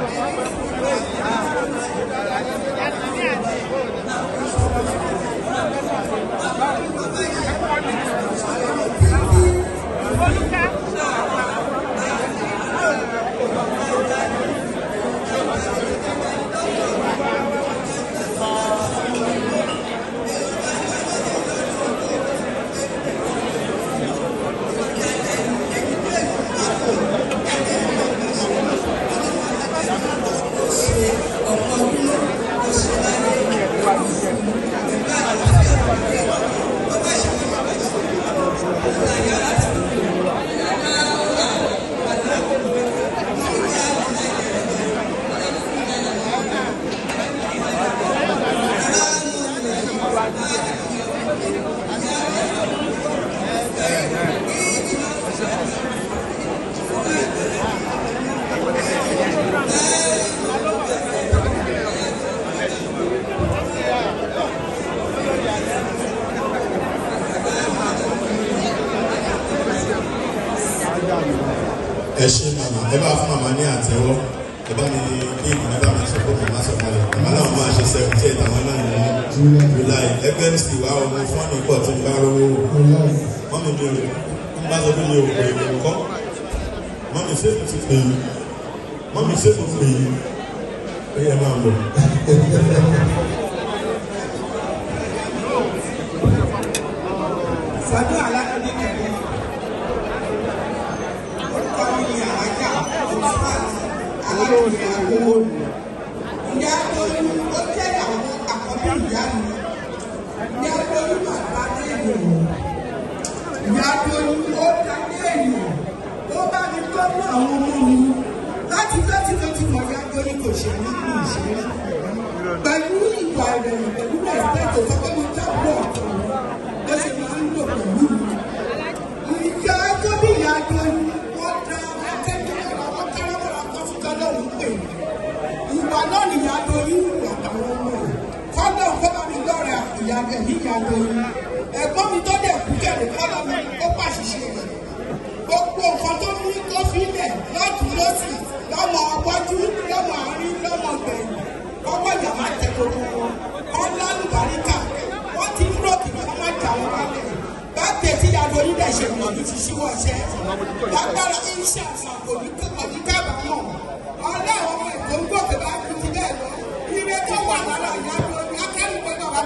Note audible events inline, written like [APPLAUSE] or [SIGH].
Thank you. ẹ ṣe màmá ẹ bá fún màmá ní àtẹ́wọ́ ẹ bá mi ní ìgbìmọ̀ mi sọ fún mi má sọ fún náà máa ṣe seventy eight àmọ́ náà ní july ẹgbẹ́ ní ọmọ fọ́ọ̀nù pọ̀ tí ń bá rówó wọ́n mi bèrè ń bá sọ fún mi òkè ìkọ́ wọ́n ṣe tuntun pè yí wọ́n ṣe tuntun pè yí ó yẹ máa lọ. [LAUGHS] fi ṣòwò wò ní. ìyá Tolú lòun pè mí ìwà náà nìyá dorí àtàwọn ọmọ rẹ̀ kọ́dọ̀ kọ́dọ̀ mi lọ́rẹ̀ àfìyà ẹ̀mí ìyá dorí ẹ̀gbọ́n mi tó dẹ̀ kú kẹ̀lẹ́ kọ́dọ̀ mi ó pàṣìṣe rẹ̀ gbogbo nǹkan tó mú tó fi lẹ̀ lọ́tún lọ́sì lọ́mọ ọgbọ́jú lọ́mọ àárín lọ́mọ gbẹ̀yìn ọgbọ́n ìyá máa tẹ gbogbo wọn ọlọ́lùbáríkà wọ́n ti dúró kí wọ́n má jà wọn lálẹ́ bá tẹ̀ sí ìyá dorí dẹ̀ ṣe mọ̀ ní ti ṣíwọ́ ṣẹ́ lágbára iṣẹ́ àṣà